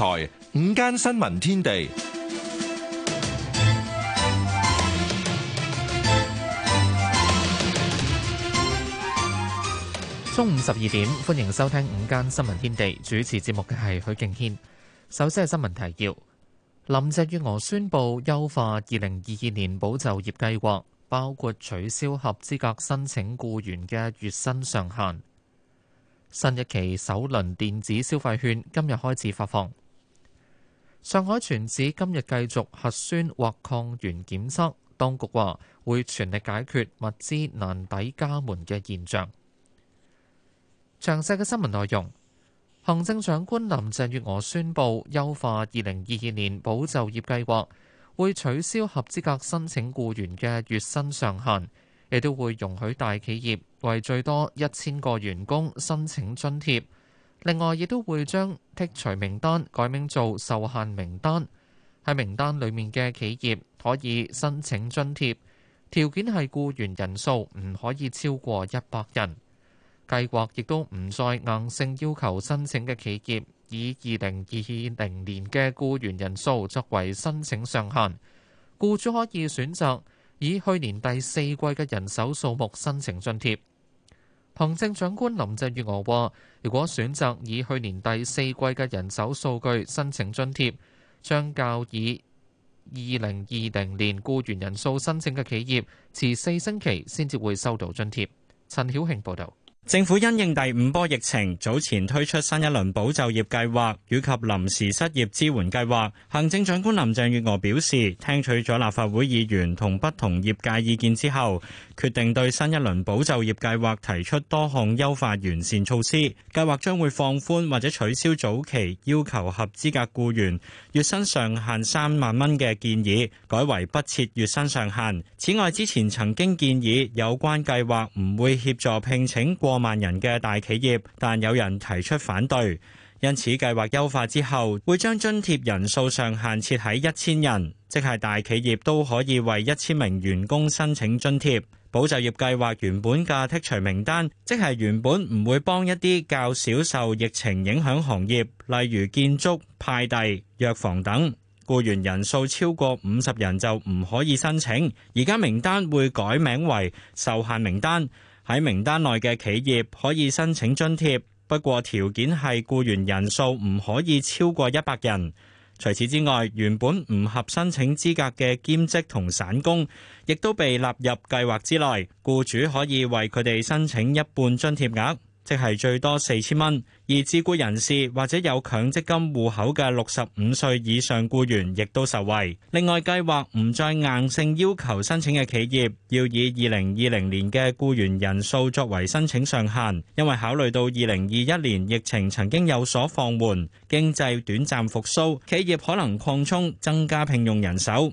台午間新聞天地， 中午十二點，歡迎收聽午間新聞天地。主持節目嘅係許敬軒。首先係新聞提要：林鄭月娥宣布優化二零二二年保就業計劃，包括取消合資格申請雇員嘅月薪上限。新一期首輪電子消費券今日開始發放。上海全市今日繼續核酸或抗原檢測，當局話會全力解決物資難抵家門嘅現象。詳細嘅新聞內容，行政長官林鄭月娥宣布優化二零二二年保就業計劃，會取消合資格申請雇員嘅月薪上限，亦都會容許大企業為最多一千個員工申請津貼。另外，亦都會將剔除名單改名做受限名單，喺名單裡面嘅企業可以申請津貼，條件係雇員人數唔可以超過一百人。計劃亦都唔再硬性要求申請嘅企業以二零二零年嘅雇員人數作為申請上限，僱主可以選擇以去年第四季嘅人手數目申請津貼。行政長官林鄭月娥話，如果選擇以去年第四季嘅人手數據申請津貼，將較以二零二零年僱員人數申請嘅企業遲四星期先至會收到津貼。陳曉慶報道。政府因應第五波疫情，早前推出新一輪保就業計劃與及臨時失業支援計劃。行政長官林鄭月娥表示，聽取咗立法會議員同不同業界意見之後，決定對新一輪保就業計劃提出多項優化完善措施。計劃將會放寬或者取消早期要求合資格僱員月薪上限三萬蚊嘅建議，改為不設月薪上限。此外，之前曾經建議有關計劃唔會協助聘請過萬人嘅大企業，但有人提出反對，因此計劃優化之後，會將津貼人數上限設喺一千人，即係大企業都可以為一千名員工申請津貼。保就業計劃原本嘅剔除名單，即係原本唔會幫一啲較少受疫情影響行業，例如建築、派遞、藥房等，雇員人數超過五十人就唔可以申請。而家名單會改名為受限名單。喺名單內嘅企業可以申請津貼，不過條件係僱員人數唔可以超過一百人。除此之外，原本唔合申請資格嘅兼職同散工，亦都被納入計劃之內，僱主可以為佢哋申請一半津貼額。即係最多四千蚊，而自僱人士或者有強積金戶口嘅六十五歲以上僱員亦都受惠。另外，計劃唔再硬性要求申請嘅企業要以二零二零年嘅僱員人數作為申請上限，因為考慮到二零二一年疫情曾經有所放緩，經濟短暫復甦，企業可能擴充增加聘用人手。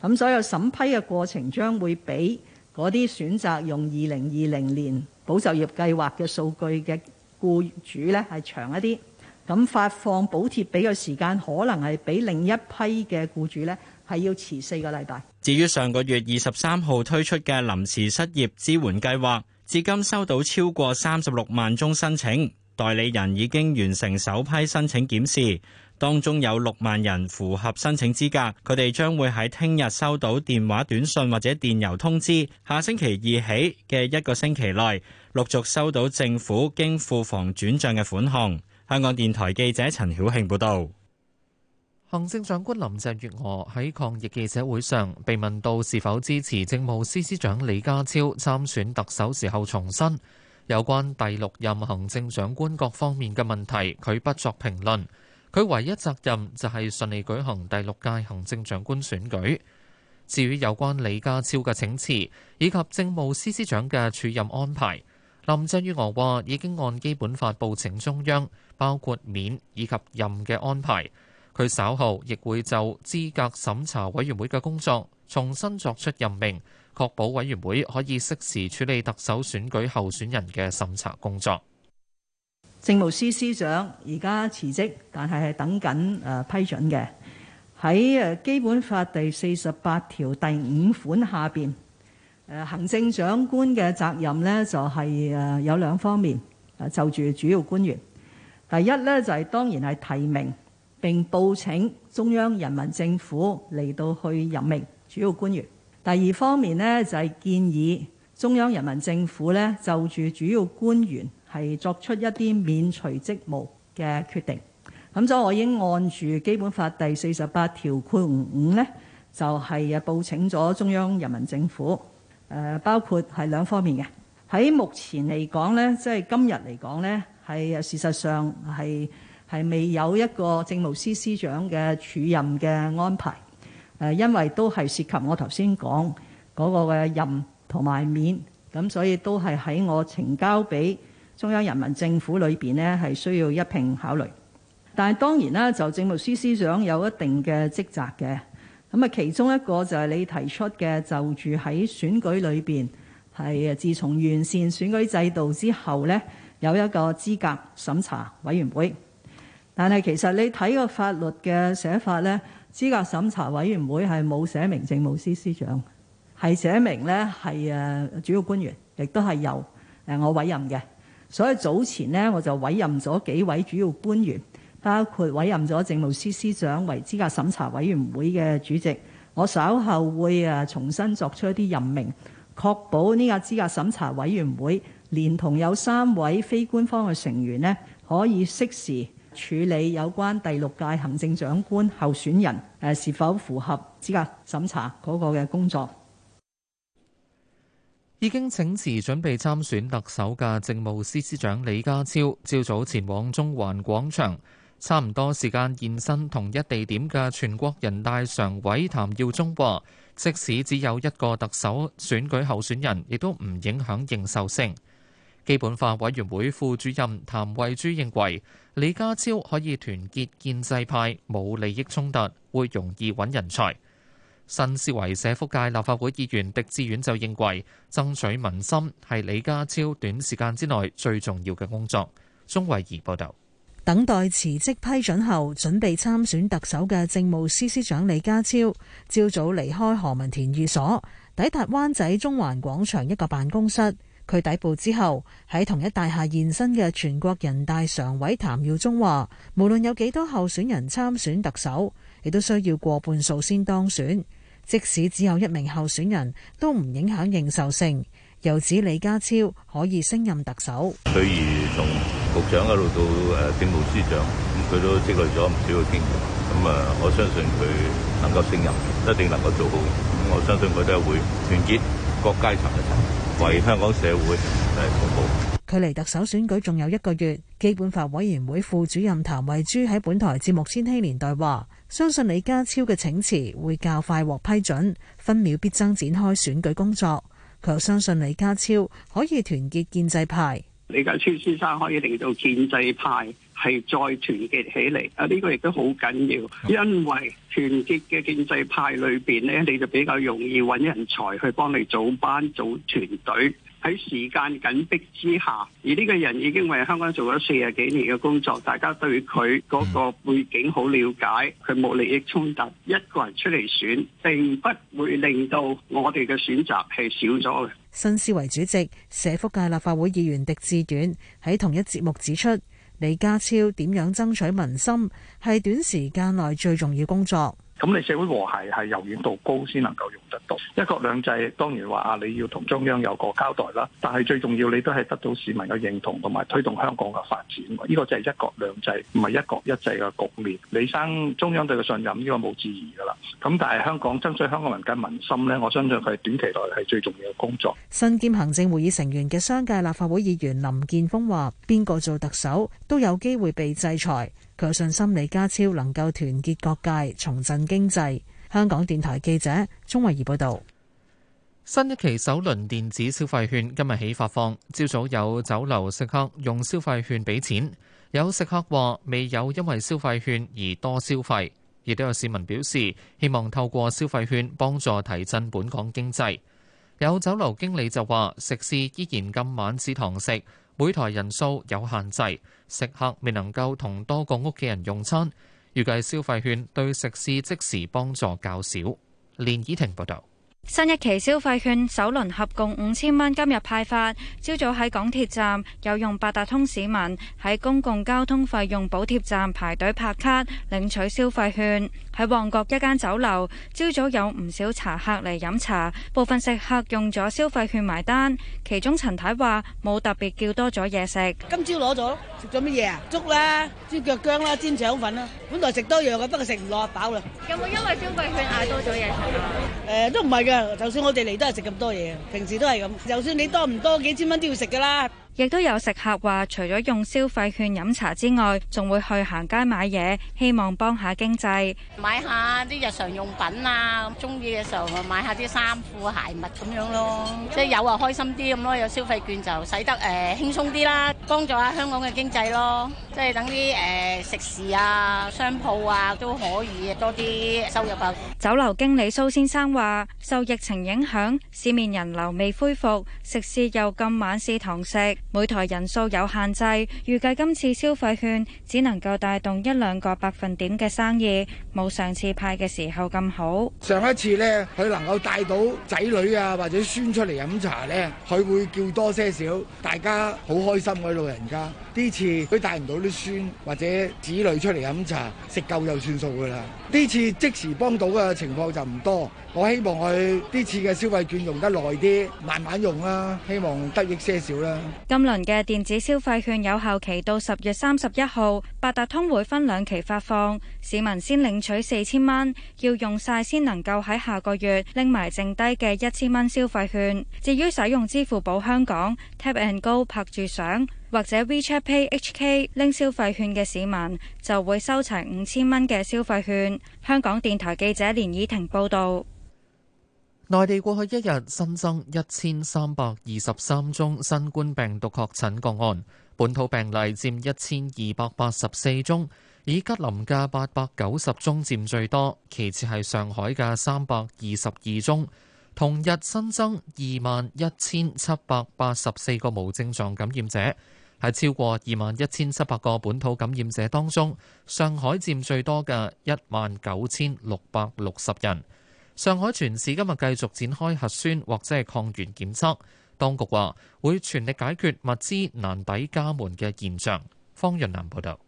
咁所有審批嘅過程將會比嗰啲選擇用二零二零年保就業計劃嘅數據嘅僱主咧，係長一啲。咁發放補貼俾嘅時間可能係比另一批嘅僱主咧，係要遲四個禮拜。至於上個月二十三號推出嘅臨時失業支援計劃，至今收到超過三十六萬宗申請，代理人已經完成首批申請檢視。當中有六萬人符合申請資格，佢哋將會喺聽日收到電話短訊或者電郵通知。下星期二起嘅一個星期內，陸續收到政府經庫房轉賬嘅款項。香港電台記者陳曉慶報道。行政長官林鄭月娥喺抗疫記者會上被問到是否支持政務司司長李家超參選特首時候重申有關第六任行政長官各方面嘅問題，佢不作評論。佢唯一責任就係順利舉行第六屆行政長官選舉。至於有關李家超嘅請辭以及政務司司長嘅署任安排，林鄭月娥話已經按基本法報請中央，包括免以及任嘅安排。佢稍後亦會就資格審查委員會嘅工作重新作出任命，確保委員會可以適時處理特首選舉候選人嘅審查工作。政務司司長而家辭職，但係係等緊誒批准嘅。喺誒《基本法》第四十八條第五款下邊，誒行政長官嘅責任呢就係誒有兩方面，誒就住主要官員。第一呢，就係當然係提名並報請中央人民政府嚟到去任命主要官員。第二方面呢，就係建議中央人民政府呢就住主要官員。係作出一啲免除職務嘅決定，咁所以我已經按住《基本法》第四十八條括五呢就係啊報請咗中央人民政府誒、呃，包括係兩方面嘅。喺目前嚟講呢，即係今日嚟講呢，係事實上係係未有一個政務司司長嘅署任嘅安排誒、呃，因為都係涉及我頭先講嗰個嘅任同埋免咁，所以都係喺我呈交俾。中央人民政府裏邊呢，係需要一併考慮。但係當然啦，就政務司司長有一定嘅職責嘅。咁啊，其中一個就係你提出嘅，就住喺選舉裏邊係自從完善選舉制度之後呢，有一個資格審查委員會。但係其實你睇個法律嘅寫法呢，資格審查委員會係冇寫明政務司司長，係寫明呢係誒主要官員，亦都係由誒我委任嘅。所以早前呢，我就委任咗幾位主要官員，包括委任咗政務司司長為資格審查委員會嘅主席。我稍後會誒重新作出一啲任命，確保呢個資格審查委員會連同有三位非官方嘅成員呢，可以適時處理有關第六屆行政長官候選人誒是否符合資格審查嗰個嘅工作。已經請辭準備參選特首嘅政務司司長李家超，朝早前往中環廣場。差唔多時間現身同一地點嘅全國人大常委譚耀宗話：即使只有一個特首選舉候選人，亦都唔影響認受性。基本法委員會副主任譚惠珠認為，李家超可以團結建制派，冇利益衝突，會容易揾人才。新思維社福界立法會議員狄志遠就認為，爭取民心係李家超短時間之內最重要嘅工作。鍾慧儀報道，等待辭職批准後，準備參選特首嘅政務司司長李家超，朝早離開何文田寓所，抵達灣仔中環廣場一個辦公室。佢抵步之後，喺同一大廈現身嘅全國人大常委譚耀宗話，無論有幾多候選人參選特首，亦都需要過半數先當選。即使只有一名候選人都唔影響認受性，又指李家超可以升任特首。佢如從局長一路到誒政務司長，咁，佢都積累咗唔少嘅經驗，咁啊，我相信佢能夠勝任，一定能夠做好。我相信佢都係會團結各階層嘅人，為香港社會誒服務。距離特首選舉仲有一個月，基本法委員會副主任譚慧珠喺本台節目《千禧年代》話。相信李家超嘅請辭會較快獲批准，分秒必爭展開選舉工作。佢又相信李家超可以團結建制派。李家超先生可以令到建制派係再團結起嚟啊！呢個亦都好緊要，因為團結嘅建制派裏邊咧，你就比較容易揾人才去幫你組班、組團隊。喺時間緊迫之下，而呢個人已經為香港做咗四十幾年嘅工作，大家對佢嗰個背景好了解，佢冇利益衝突，一個人出嚟選並不會令到我哋嘅選擇係少咗嘅。新思維主席、社福界立法會議員狄志遠喺同一節目指出，李家超點樣爭取民心，係短時間內最重要工作。咁你社會和諧係由遠到高先能夠用得到一國兩制，當然話啊，你要同中央有個交代啦。但係最重要，你都係得到市民嘅認同，同埋推動香港嘅發展。呢個就係一國兩制，唔係一國一制嘅局面。李生，中央對佢嘅信任，呢個冇質疑噶啦。咁但係香港爭取香港人嘅民心呢，我相信佢係短期內係最重要嘅工作。身兼行政會議成員嘅商界立法會議員林健鋒話：邊個做特首都有機會被制裁。佢有信心李家超能夠團結各界，重振經濟。香港電台記者鍾慧儀報道。新一期首輪電子消費券今日起發放，朝早有酒樓食客用消費券俾錢，有食客話未有因為消費券而多消費，亦都有市民表示希望透過消費券幫助提振本港經濟，有酒樓經理就話食肆依然今晚至堂食。每台人數有限制，食客未能夠同多個屋企人用餐。預計消費券對食肆即時幫助較少。連怡婷報道。新一期消費券首輪合共五千蚊，今日派發。朝早喺港鐵站有用八達通市民，喺公共交通費用補貼站排隊拍卡領取消費券。喺旺角一間酒樓，朝早有唔少茶客嚟飲茶，部分食客用咗消費券埋單。其中陳太話冇特別叫多咗嘢食。今朝攞咗，食咗乜嘢啊？粥啦，豬腳薑啦，煎腸粉啦。本來食多樣嘅，不過食唔落飽啦。飽有冇因為消費券嗌多咗嘢食啊？誒，都唔係嘅。就算我哋嚟都係食咁多嘢，平時都係咁。就算你多唔多幾千蚊都要食噶啦。亦都有食客話，除咗用消費券飲茶之外，仲會去行街買嘢，希望幫下經濟，買下啲日常用品啊，中意嘅時候買下啲衫褲鞋襪咁樣咯。即係有啊，開心啲咁咯，有消費券就使得誒輕鬆啲啦，幫助下香港嘅經濟咯。即係等啲誒食肆啊、商鋪啊都可以多啲收入啊。酒樓經理蘇先生話，受疫情影響，市面人流未恢復，食肆又禁晚市堂食。每台人數有限制，預計今次消費券只能夠帶動一兩個百分點嘅生意，冇上次派嘅時候咁好。上一次呢，佢能夠帶到仔女啊或者孫出嚟飲茶呢，佢會叫多些少，大家好開心嗰啲老人家。呢次佢帶唔到啲孫或者子女出嚟飲茶食夠就算數㗎啦。呢次即時幫到嘅情況就唔多。我希望佢呢次嘅消費券用得耐啲，慢慢用啦。希望得益些少啦。今輪嘅電子消費券有效期到十月三十一號，八達通會分兩期發放，市民先領取四千蚊，要用晒先能夠喺下個月拎埋剩低嘅一千蚊消費券。至於使用支付寶香港 Tap and Go 拍住賞，或者 WeChat Pay H K 拎消費券嘅市民就會收齊五千蚊嘅消費券。香港電台記者連以婷報道。內地過去一日新增一千三百二十三宗新冠病毒確診個案，本土病例佔一千二百八十四宗，以吉林嘅八百九十宗佔最多，其次係上海嘅三百二十二宗。同日新增二萬一千七百八十四個無症狀感染者。喺超過二萬一千七百個本土感染者當中，上海佔最多嘅一萬九千六百六十人。上海全市今日繼續展開核酸或者係抗原檢測，當局話會全力解決物資難抵家門嘅現象。方潤南報導。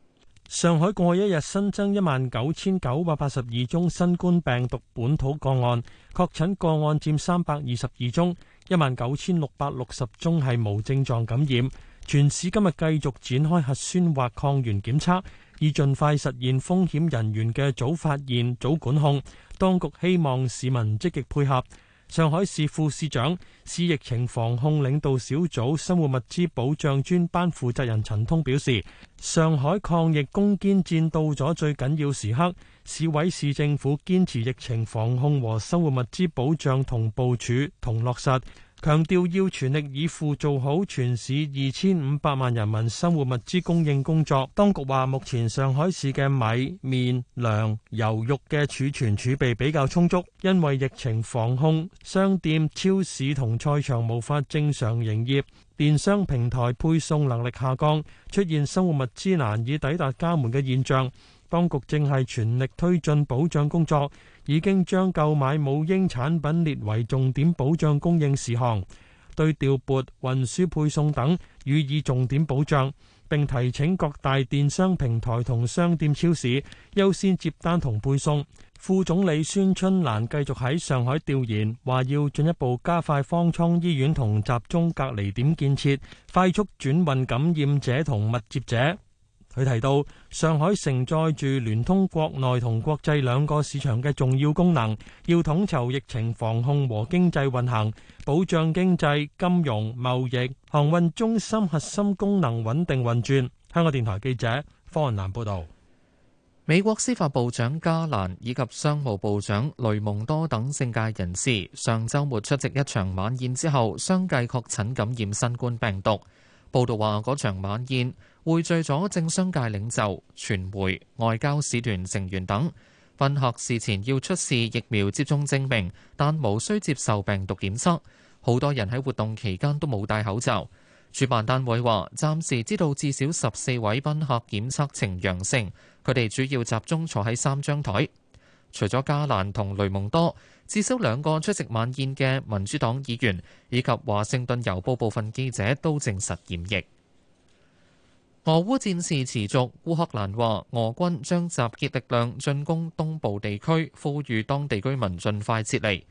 上海過去一日新增一萬九千九百八十二宗新冠病毒本土個案，確診個案佔三百二十二宗，一萬九千六百六十宗係無症狀感染。全市今日繼續展開核酸或抗原檢測，以盡快實現風險人員嘅早發現、早管控。當局希望市民積極配合。上海市副市長、市疫情防控領導小組生活物資保障專班負責人陳通表示，上海抗疫攻堅戰到咗最緊要時刻，市委市政府堅持疫情防控和生活物資保障同部署、同落實。強調要全力以赴做好全市二千五百萬人民生活物資供應工作。當局話，目前上海市嘅米、麵、糧、油、肉嘅儲存儲備比較充足，因為疫情防控，商店、超市同菜場無法正常營業，電商平台配送能力下降，出現生活物資難以抵達家門嘅現象。當局正係全力推進保障工作。已經將購買母嬰產品列為重點保障供應事項，對調撥、運輸、配送等予以重點保障，並提請各大電商平台同商店超市優先接單同配送。副總理孫春蘭繼續喺上海調研，話要進一步加快方艙醫院同集中隔離點建設，快速轉運感染者同密接者。佢提到，上海承載住聯通國內同國際兩個市場嘅重要功能，要統籌疫情防控和經濟運行，保障經濟金融、貿易、航運中心核心功能穩定運轉。香港電台記者方雲南報道。美國司法部長加蘭以及商務部長雷蒙多等政界人士上周末出席一場晚宴之後相繼確診感染新冠病毒。報道話嗰場晚宴匯聚咗政商界領袖、傳媒、外交使團成員等賓客，事前要出示疫苗接種證明，但無需接受病毒檢測。好多人喺活動期間都冇戴口罩。主辦單位話：暫時知道至少十四位賓客檢測呈陽性，佢哋主要集中坐喺三張台。除咗加蘭同雷蒙多，至少兩個出席晚宴嘅民主黨議員以及華盛頓郵報部分記者都證實染疫。俄烏戰事持續，烏克蘭話俄軍將集結力量進攻東部地區，呼籲當地居民盡快撤離。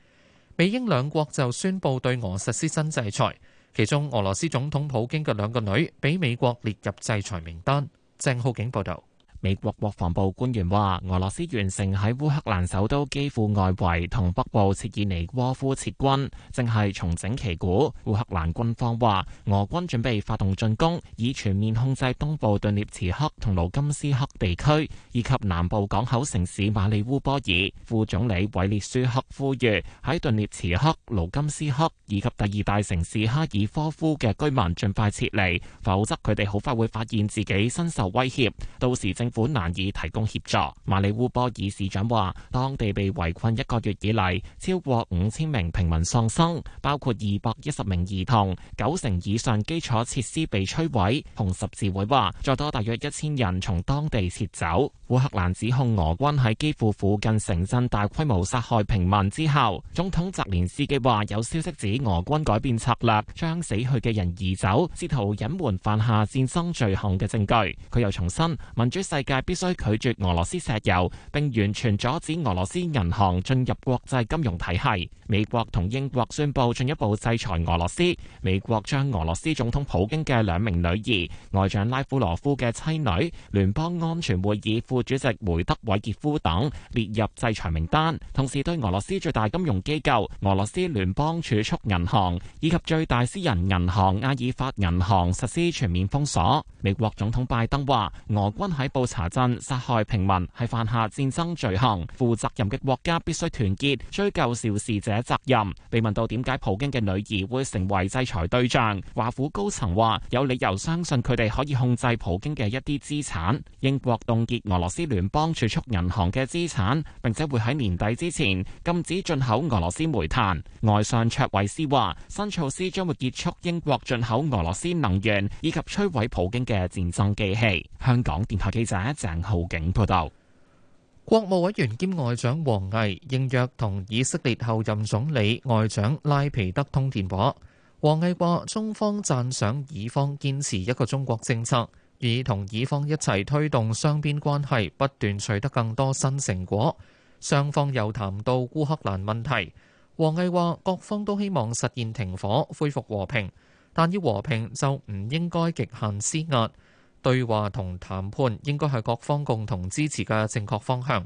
美英兩國就宣布對俄實施新制裁，其中俄羅斯總統普京嘅兩個女畀美國列入制裁名單。鄭浩景報導。美國國防部官員話，俄羅斯完成喺烏克蘭首都基輔外圍同北部切爾尼戈夫撤軍，正係重整旗鼓。烏克蘭軍方話，俄軍準備發動進攻，以全面控制東部頓涅茨克同盧甘斯克地區，以及南部港口城市馬里烏波爾。副總理韋列舒克呼籲喺頓涅茨克、盧甘斯克以及第二大城市哈爾科夫嘅居民盡快撤離，否則佢哋好快會發現自己身受威脅。到時正。款難以提供協助。馬里烏波爾市長話，當地被圍困一個月以嚟，超過五千名平民喪生，包括二百一十名兒童，九成以上基礎設施被摧毀，紅十字會話再多大約一千人從當地撤走。烏克蘭指控俄軍喺基輔附近城鎮大規模殺害平民之後，總統澤連斯基話有消息指俄軍改變策略，將死去嘅人移走，試圖隱瞞犯下戰爭罪行嘅證據，佢又重申民主世界必須拒絕俄羅斯石油，並完全阻止俄羅斯銀行進入國際金融體系。美國同英國宣佈進一步制裁俄羅斯。美國將俄羅斯總統普京嘅兩名女兒、外長拉夫羅夫嘅妻女、聯邦安全會議副主席梅德韋傑夫等列入制裁名單，同時對俄羅斯最大金融機構俄羅斯聯邦儲蓄銀行以及最大私人銀行阿爾法銀行實施全面封鎖。美國總統拜登話俄軍喺布查真殺害平民係犯下戰爭罪行，負責任嘅國家必須團結追究肇事者責任。被問到點解普京嘅女兒會成為制裁對象，華府高層話有理由相信佢哋可以控制普京嘅一啲資產。英國凍結俄羅斯聯邦儲蓄銀行嘅資產，並且會喺年底之前禁止進口俄羅斯煤炭。外相卓慧思話新措施將會結束英國進口俄羅斯能源，以及摧毀普京嘅戰爭機器。香港電台記者。第一鄭浩景報道。國務委員兼外長王毅應約同以色列後任總理外長拉皮德通電話。王毅話：中方讚賞以方堅持一個中國政策，以同以方一齊推動雙邊關係不斷取得更多新成果。雙方又談到烏克蘭問題。王毅話：各方都希望實現停火、恢復和平，但要和平就唔應該極限施壓。對話同談判應該係各方共同支持嘅正確方向。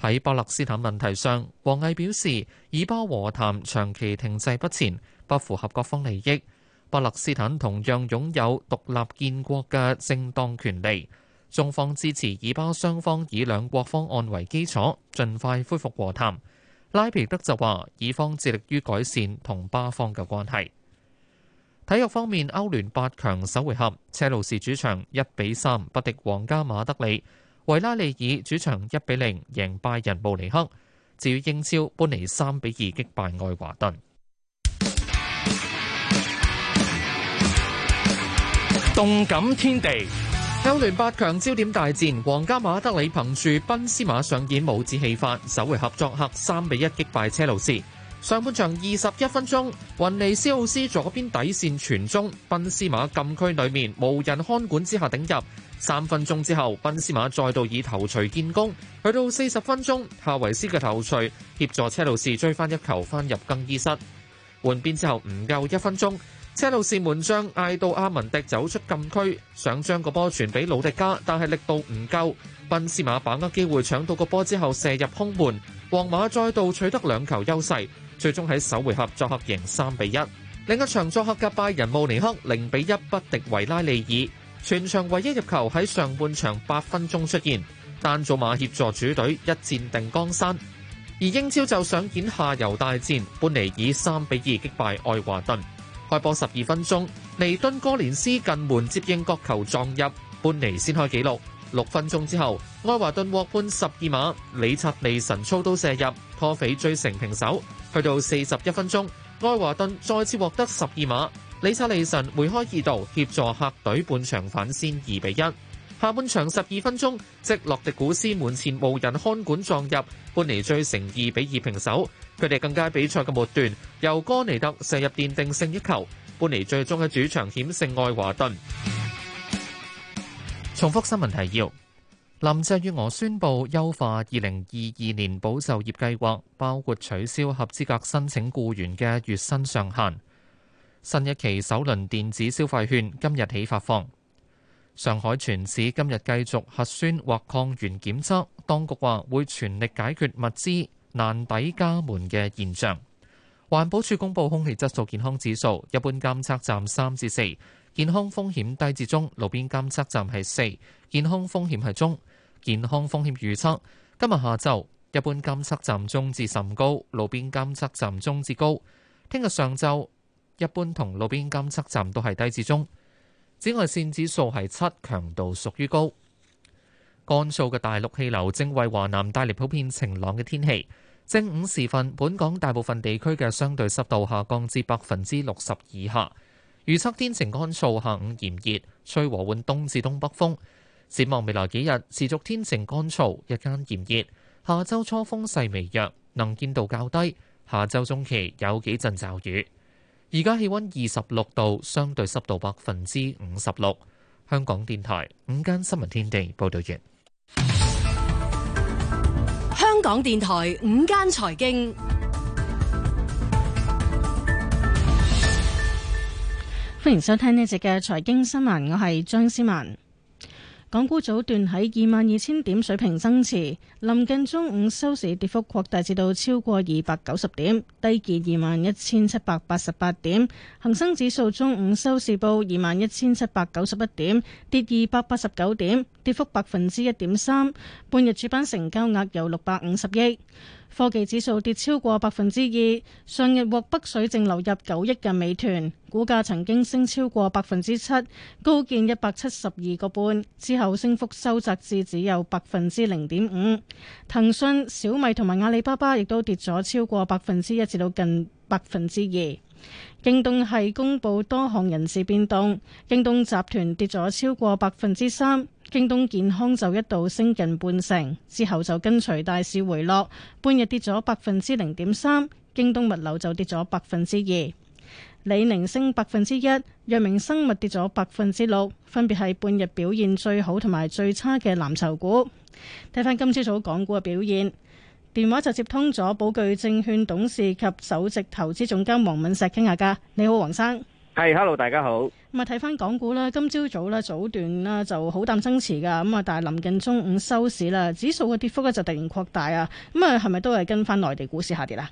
喺巴勒斯坦問題上，王毅表示，以巴和談長期停滯不前，不符合各方利益。巴勒斯坦同樣擁有獨立建國嘅正當權利。中方支持以巴雙方以兩國方案為基礎，盡快恢復和談。拉皮德就話，以方致力於改善同巴方嘅關係。體育方面，歐聯八強首回合，車路士主場一比三不敵皇家馬德里；維拉利爾主場一比零贏拜仁慕尼黑。至於英超，般尼三比二擊敗愛華頓。動感天地，歐聯八強焦點大戰，皇家馬德里憑住賓斯馬上演帽子戲法，首回合作客三比一擊敗車路士。上半場二十一分鐘，雲尼斯奧斯左邊底線傳中，賓斯馬禁區裡面無人看管之下頂入。三分鐘之後，賓斯馬再度以頭槌建功。去到四十分鐘，夏維斯嘅頭槌協助車路士追翻一球，翻入更衣室，換邊之後唔夠一分鐘，車路士門將艾杜阿文迪走出禁區，想將個波傳俾魯迪加，但係力度唔夠。賓斯馬把握機會搶到個波之後射入空門，皇馬再度取得兩球優勢。最終喺首回合作客贏三比一，另一場作客嘅拜仁慕尼黑零比一不敵維拉利爾，全場唯一入球喺上半場八分鐘出現，丹祖馬協助主隊一戰定江山。而英超就上演下游大戰，般尼以三比二擊敗愛華頓。開波十二分鐘，尼敦哥連斯近門接應角球撞入，般尼先開紀錄。六分鐘之後，愛華頓獲判十二碼，里察利臣操刀射入，太妃追成平手。去到四十一分鐘，愛華頓再次獲得十二碼，李察利臣梅開二度協助客隊半場反先二比一。下半場十二分鐘，即洛迪古斯門前無人看管撞入，半尼追成二比二平手。佢哋更加比賽嘅末段，由哥尼特射入奠定勝一球，半尼最終喺主場險勝愛華頓。重複新聞提要。林鄭月娥宣布優化二零二二年保就業計劃，包括取消合資格申請僱員嘅月薪上限。新一期首輪電子消費券今日起發放。上海全市今日繼續核酸或抗原檢測，當局話會全力解決物資難抵家門嘅現象。環保署公布空氣質素健康指數，一般監測站三至四，健康風險低至中；路邊監測站係四，健康風險係中。健康風險預測：今日下晝一般監測站中至甚高，路邊監測站中至高。聽日上晝一般同路邊監測站都係低至中。紫外線指數係七，強度屬於高。乾燥嘅大陸氣流正為華南帶嚟普遍晴朗嘅天氣。正午時分，本港大部分地區嘅相對濕度下降至百分之六十以下。預測天晴乾燥，下午炎熱，吹和緩東至東北風。展望未來幾日持續天晴乾燥，日間炎熱，下周初風勢微弱，能見度較低。下周中期有幾陣驟雨。而家氣溫二十六度，相對濕度百分之五十六。香港電台午間新聞天地報道員。香港電台午間財經，歡迎收聽呢集嘅財經新聞，我係張思文。港股早段喺二萬二千點水平增持，臨近中午收市跌幅擴大至到超過二百九十點，低至二萬一千七百八十八點。恒生指數中午收市報二萬一千七百九十一點，跌二百八十九點。跌幅百分之一點三，半日主板成交額有六百五十億。科技指數跌超過百分之二，上日獲北水淨流入九億嘅美團股價曾經升超過百分之七，高見一百七十二個半之後，升幅收窄至只有百分之零點五。騰訊、小米同埋阿里巴巴亦都跌咗超過百分之一至到近百分之二。京東係公布多項人事變動，京東集團跌咗超過百分之三。京東健康就一度升近半成，之後就跟隨大市回落，半日跌咗百分之零點三。京東物流就跌咗百分之二，李寧升百分之一，藥明生物跌咗百分之六，分別係半日表現最好同埋最差嘅藍籌股。睇翻今朝早港股嘅表現，電話就接通咗寶具證券董事及首席投資總監黃敏石傾下偈。你好，黃生。係、hey，hello，大家好。咁啊，睇翻港股啦，今朝早呢早，早段啦就好淡爭持㗎，咁啊，但係臨近中午收市啦，指數嘅跌幅咧就突然擴大啊，咁啊，係咪都係跟翻內地股市下跌啦？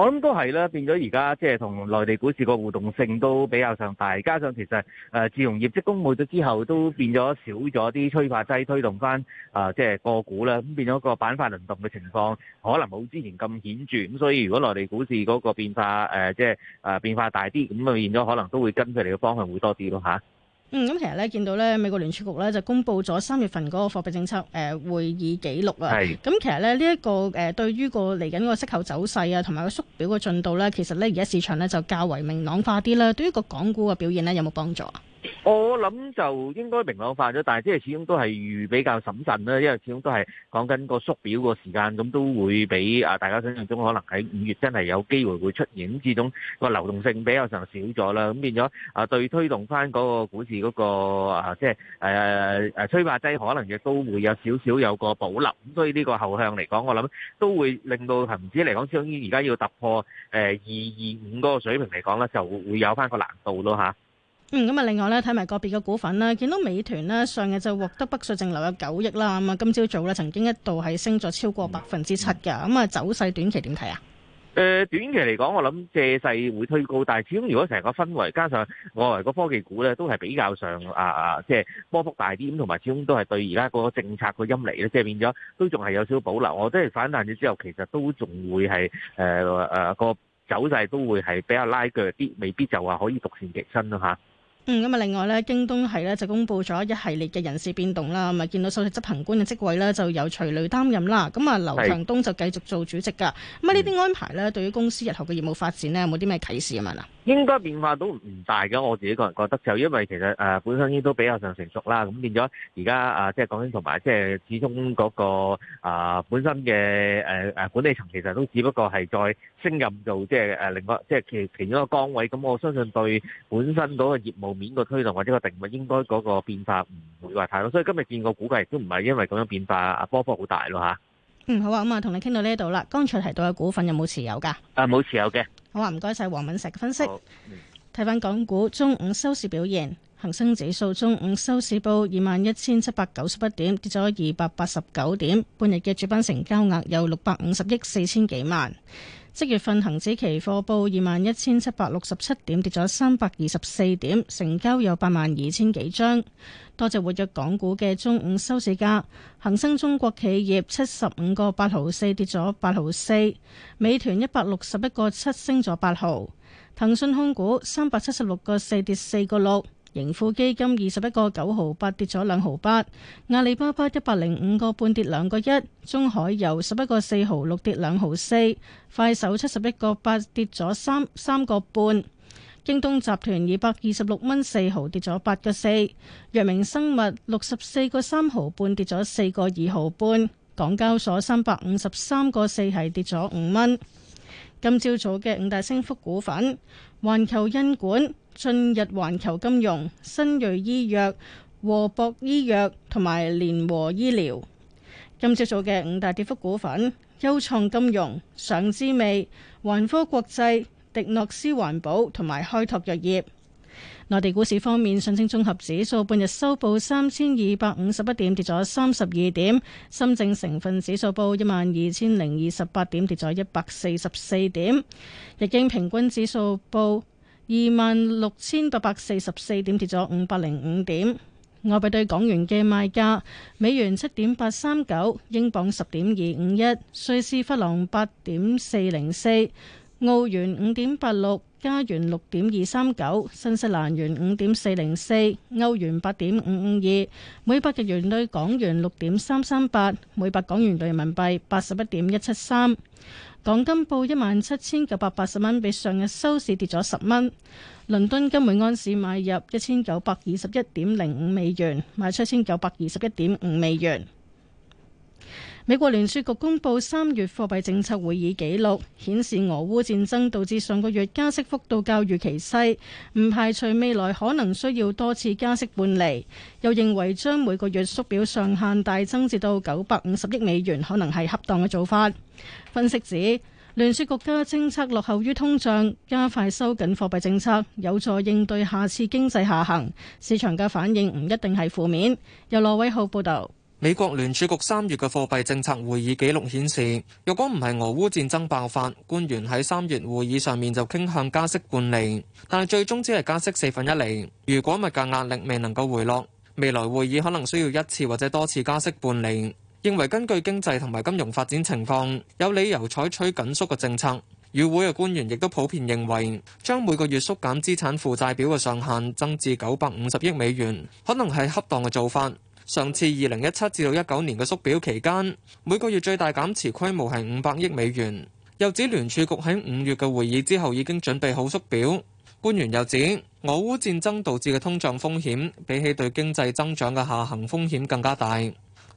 我諗都係啦，變咗而家即係同內地股市個互動性都比較上大，加上其實誒自從業績公布咗之後，都變咗少咗啲催化劑推動返啊，即係個股啦，咁變咗個板塊輪動嘅情況可能冇之前咁顯著，咁所以如果內地股市嗰個變化誒，即係啊變化大啲，咁啊變咗可能都會跟佢哋嘅方向會多啲咯嚇。啊。嗯，咁其實咧見到咧美國聯儲局咧就公布咗三月份嗰個貨幣政策誒、呃、會議記錄啦。係是。咁、嗯、其實咧呢一、這個誒、呃、對於個嚟緊個息口走勢啊，同埋個縮表個進度咧，其實咧而家市場咧就較為明朗化啲啦。對於個港股嘅表現咧，有冇幫助啊？我諗就應該明朗化咗，但係即係始終都係預比較審慎啦，因為始終都係講緊個縮表個時間，咁都會俾啊大家想象中可能喺五月真係有機會會出現，咁始終個流動性比較上少咗啦，咁變咗啊對推動翻嗰個股市嗰個啊即係誒誒催化劑，可能亦都會有少少有個保留，咁所以呢個後向嚟講，我諗都會令到恒指嚟講，將於而家要突破誒二二五嗰個水平嚟講咧，就會有翻個難度咯吓。嗯，咁啊，另外咧，睇埋個別嘅股份啦。見到美團咧，上日就獲得北水淨流有九億啦。咁啊，今朝早咧，曾經一度係升咗超過百分之七嘅。咁啊，走勢短期點睇啊？誒、呃，短期嚟講，我諗借勢會推高，但係始終如果成個氛圍加上外圍個科技股咧，都係比較上啊啊，即係波幅大啲。咁同埋始終都係對而家個政策個陰嚟咧，即係變咗都仲係有少少保留。我即係反彈咗之後，其實都仲會係誒誒個走勢都會係比較拉鋸啲，未必就話可以獨善其身啦嚇。啊嗯，咁啊，另外咧，京東係咧就公布咗一系列嘅人事變動啦，咁啊，見到首席執行官嘅職位咧就由徐雷擔任啦，咁啊，劉強東就繼續做主席噶，咁啊是，呢啲安排咧，嗯、對於公司日後嘅業務發展咧，有冇啲咩啟示咁樣啊？應該變化都唔大嘅，我自己個人覺得就，因為其實誒、呃、本身已都比較上成熟啦，咁變咗而家啊即係講緊同埋即係始終嗰、那個啊、呃、本身嘅誒誒管理層其實都只不過係再升任做即係誒另外即係其其，其中一個崗位，咁我相信對本身嗰個業務面嘅推動或者個定位應該嗰個變化唔會話太咯，所以今日見個估計都唔係因為咁樣變化波幅好大咯嚇。啊嗯，好啊，咁、嗯、啊，同你傾到呢一度啦。剛才提到嘅股份有冇持有噶？啊，冇持有嘅。好啊，唔該晒黃敏石嘅分析。睇翻好港股中午收市表現，恒生指數中午收市報二萬一千七百九十一點，跌咗二百八十九點。半日嘅主板成交額有六百五十億四千幾萬。即月份恒指期貨報二萬一千七百六十七點，跌咗三百二十四點，成交有八萬二千幾張。多隻活躍港股嘅中午收市價，恒生中國企業七十五個八毫四跌咗八毫四，美團一百六十一個七升咗八毫，騰訊控股三百七十六個四跌四個六。盈富基金二十一個九毫八跌咗兩毫八，阿里巴巴一百零五個半跌兩個一，中海油十一個四毫六跌兩毫四，快手七十一個八跌咗三三個半，京東集團二百二十六蚊四毫跌咗八個四，藥明生物六十四個三毫半跌咗四個二毫半，港交所三百五十三個四係跌咗五蚊。今朝早嘅五大升幅股份，環球因管，駿日環球金融、新銳醫藥、和博醫藥同埋聯和醫療，今朝早嘅五大跌幅股份：優創金融、上之味、環科國際、迪諾斯環保同埋開拓藥業。內地股市方面，上證綜合指數半日收報三千二百五十一點，跌咗三十二點；深證成分指數報一萬二千零二十八點，跌咗一百四十四點；日經平均指數報。二萬六千八百四十四點，跌咗五百零五點。外幣對港元嘅賣價，美元七點八三九，英鎊十點二五一，瑞士法郎八點四零四。澳元五點八六，加元六點二三九，新西蘭元五點四零四，歐元八點五五二，每百日元對港元六點三三八，每百港元對人民幣八十一點一七三。港金報一萬七千九百八十蚊，比上日收市跌咗十蚊。倫敦金每安士買入一千九百二十一點零五美元，賣出一千九百二十一點五美元。美國聯儲局公佈三月貨幣政策會議記錄，顯示俄烏戰爭導致上個月加息幅度較預期細，唔排除未來可能需要多次加息半釐。又認為將每個月縮表上限大增至到九百五十億美元，可能係恰當嘅做法。分析指，聯儲局國家政策落後於通脹，加快收緊貨幣政策，有助應對下次經濟下行。市場嘅反應唔一定係負面。由羅偉浩報道。美國聯儲局三月嘅貨幣政策會議記錄顯示，若果唔係俄烏戰爭爆發，官員喺三月會議上面就傾向加息半釐，但係最終只係加息四分一釐。如果物價壓力未能夠回落，未來會議可能需要一次或者多次加息半釐。認為根據經濟同埋金融發展情況，有理由採取緊縮嘅政策。與會嘅官員亦都普遍認為，將每個月縮減資產負債表嘅上限增至九百五十億美元，可能係恰當嘅做法。上次二零一七至到一九年嘅縮表期間，每個月最大減持規模係五百億美元。又指聯儲局喺五月嘅會議之後已經準備好縮表。官員又指俄烏戰爭導致嘅通脹風險，比起對經濟增長嘅下行風險更加大。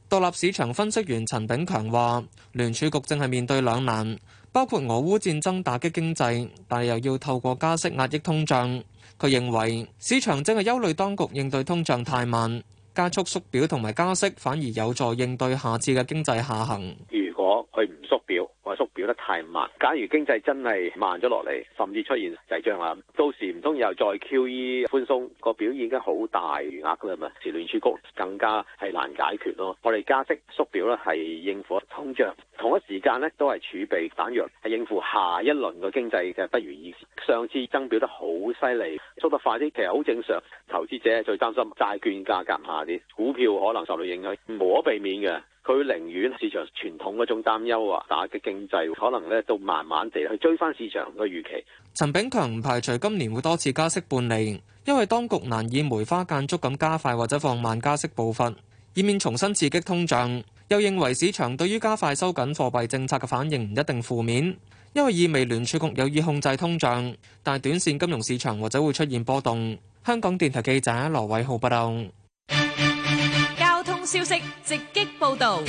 獨立市場分析員陳炳強話，聯儲局正係面對兩難，包括俄烏戰爭打擊經濟，但係又要透過加息壓抑通脹，佢認為市場正係憂慮當局應對通脹太慢。加速縮表同埋加息，反而有助應對下次嘅經濟下行。我佢唔縮表，我縮表得太慢。假如經濟真係慢咗落嚟，甚至出現滯脹啦，到時唔通又再 QE 寬鬆，個表現已經好大餘額啦嘛。時聯儲局更加係難解決咯。我哋加息縮表咧，係應付通脹，同一時間咧都係儲備彈藥，係應付下一輪嘅經濟嘅不如意。上次增表得好犀利，縮得快啲，其實好正常。投資者最擔心債券價格下跌，股票可能受到影響，無可避免嘅。佢寧願市場傳統嗰種擔憂啊，打擊經濟可能咧，就慢慢地去追翻市場嘅預期。陳炳強唔排除今年會多次加息半釐，因為當局難以梅花間竹咁加快或者放慢加息步伐，以免重新刺激通脹。又認為市場對於加快收緊貨幣政策嘅反應唔一定負面，因為意味聯儲局有意控制通脹，但係短線金融市場或者會出現波動。香港電台記者羅偉浩報道。消息直擊報導。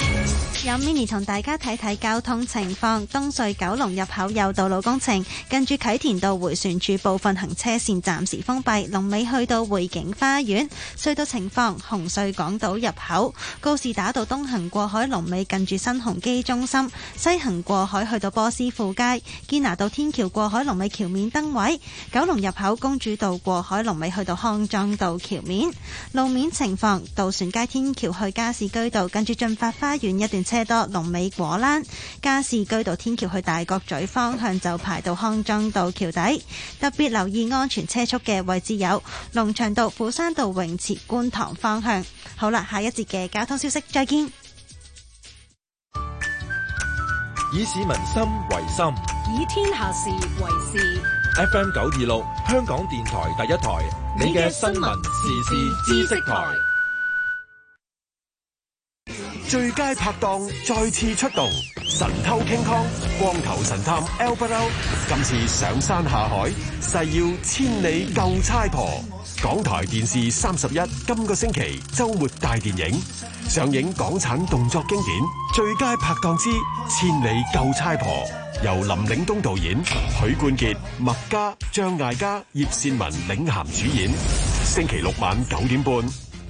有 mini 同大家睇睇交通情況，東隧九龍入口有道路工程，近住啟田道回旋處部分行車綫暫時封閉，龍尾去到匯景花園。隧道情況，紅隧港島入口，告士打道東行過海龍尾近住新鴻基中心，西行過海去到波斯富街，堅拿道天橋過海龍尾橋面燈位，九龍入口公主道過海龍尾去到康莊道橋面，路面情況，渡船街天橋去加士居道近住駿發花園一段。車多，龍尾果欄；加士居道天橋去大角咀方向就排到康莊道橋底。特別留意安全車速嘅位置有龍翔道、虎山道泳池、觀塘方向。好啦，下一節嘅交通消息，再見。以市民心為心，以天下事為事。FM 九二六，香港電台第一台，你嘅新聞時事知識台。最佳拍檔再次出動，神偷 King Kong，光頭神探 Albert，今次上山下海，誓要千里救差婆。港台電視三十一，今個星期周末大電影上映，港產動作經典《最佳拍檔之千里救差婆》，由林嶺東導演，許冠傑、麥嘉、張艾嘉、葉倩文領銜主演。星期六晚九點半，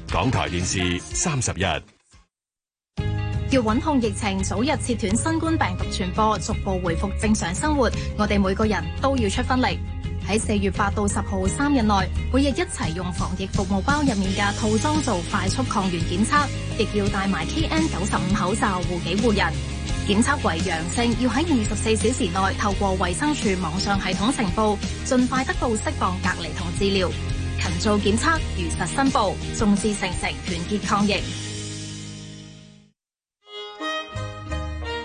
港台電視三十一。要穩控疫情，早日切斷新冠病毒傳播，逐步回復正常生活。我哋每個人都要出分力。喺四月八到十號三日內，每日一齊用防疫服務包入面嘅套裝做快速抗原檢測，亦要帶埋 KN 九十五口罩護己護人。檢測為陽性，要喺二十四小時內透過衛生署網上系統呈報，盡快得到釋放隔離同治療。勤做檢測，如實申報，眾志成城，團結抗疫。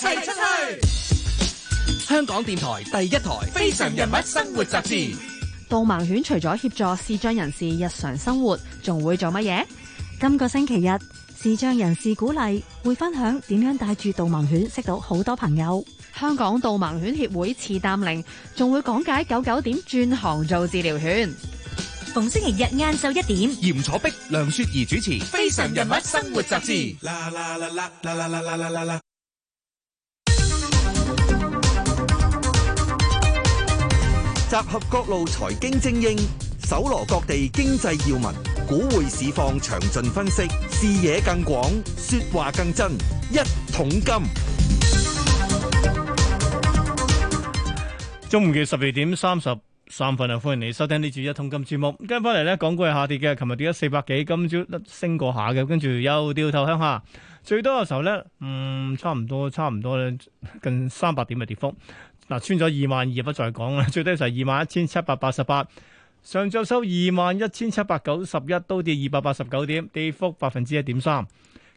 齊出去！香港電台第一台《非常人物生活雜誌》導盲犬除咗協助視障人士日常生活，仲會做乜嘢？今個星期日視障人士鼓勵會分享點樣帶住導盲犬識到好多朋友。香港導盲犬協會次淡玲仲會講解狗狗點轉行做治療犬。逢星期日晏晝一點，嚴楚碧、梁雪兒主持《非常人物生活雜誌》。集合各路財經精英，搜羅各地經濟要聞，股匯市況詳盡分析，視野更廣，說話更真。一桶金，中午嘅十二點三十三分啊！歡迎你收聽呢節一桶金節目。跟翻嚟呢，港股係下跌嘅，琴日跌咗四百幾，今朝升過下嘅，跟住又掉頭向下。最多嘅時候咧，嗯，差唔多，差唔多咧，近三百點嘅跌幅，嗱，穿咗二萬二不再講啦。最低就係二萬一千七百八十八，上晝收二萬一千七百九十一，都跌二百八十九點，跌幅百分之一點三。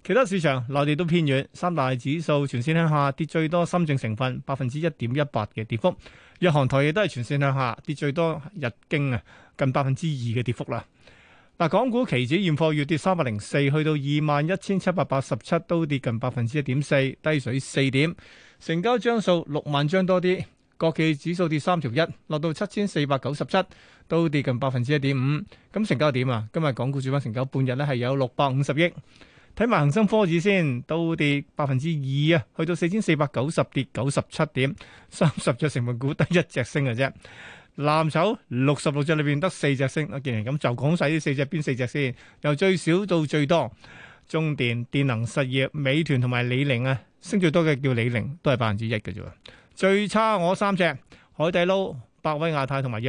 其他市場內地都偏軟，三大指數全線向下，跌最多深證成分百分之一點一八嘅跌幅，日韓台亦都係全線向下，跌最多日經啊，近百分之二嘅跌幅啦。嗱，港股期指現貨月跌三百零四，去到二萬一千七百八十七，都跌近百分之一點四，低水四點。成交張數六萬張多啲。國企指數跌三條一，落到七千四百九十七，都跌近百分之一點五。咁成交點啊，今日港股主板成交半日咧係有六百五十億。睇埋恒生科指先，都跌百分之二啊，去到四千四百九十，跌九十七點。三十隻成分股得一隻升嘅啫。藍籌六十六隻裏邊得四隻升，我見嚟咁就講晒呢四隻邊四隻先，由最少到最多，中電、電能實業、美團同埋李寧啊，升最多嘅叫李寧，都係百分之一嘅啫，最差我三隻，海底撈、百威亞太同埋。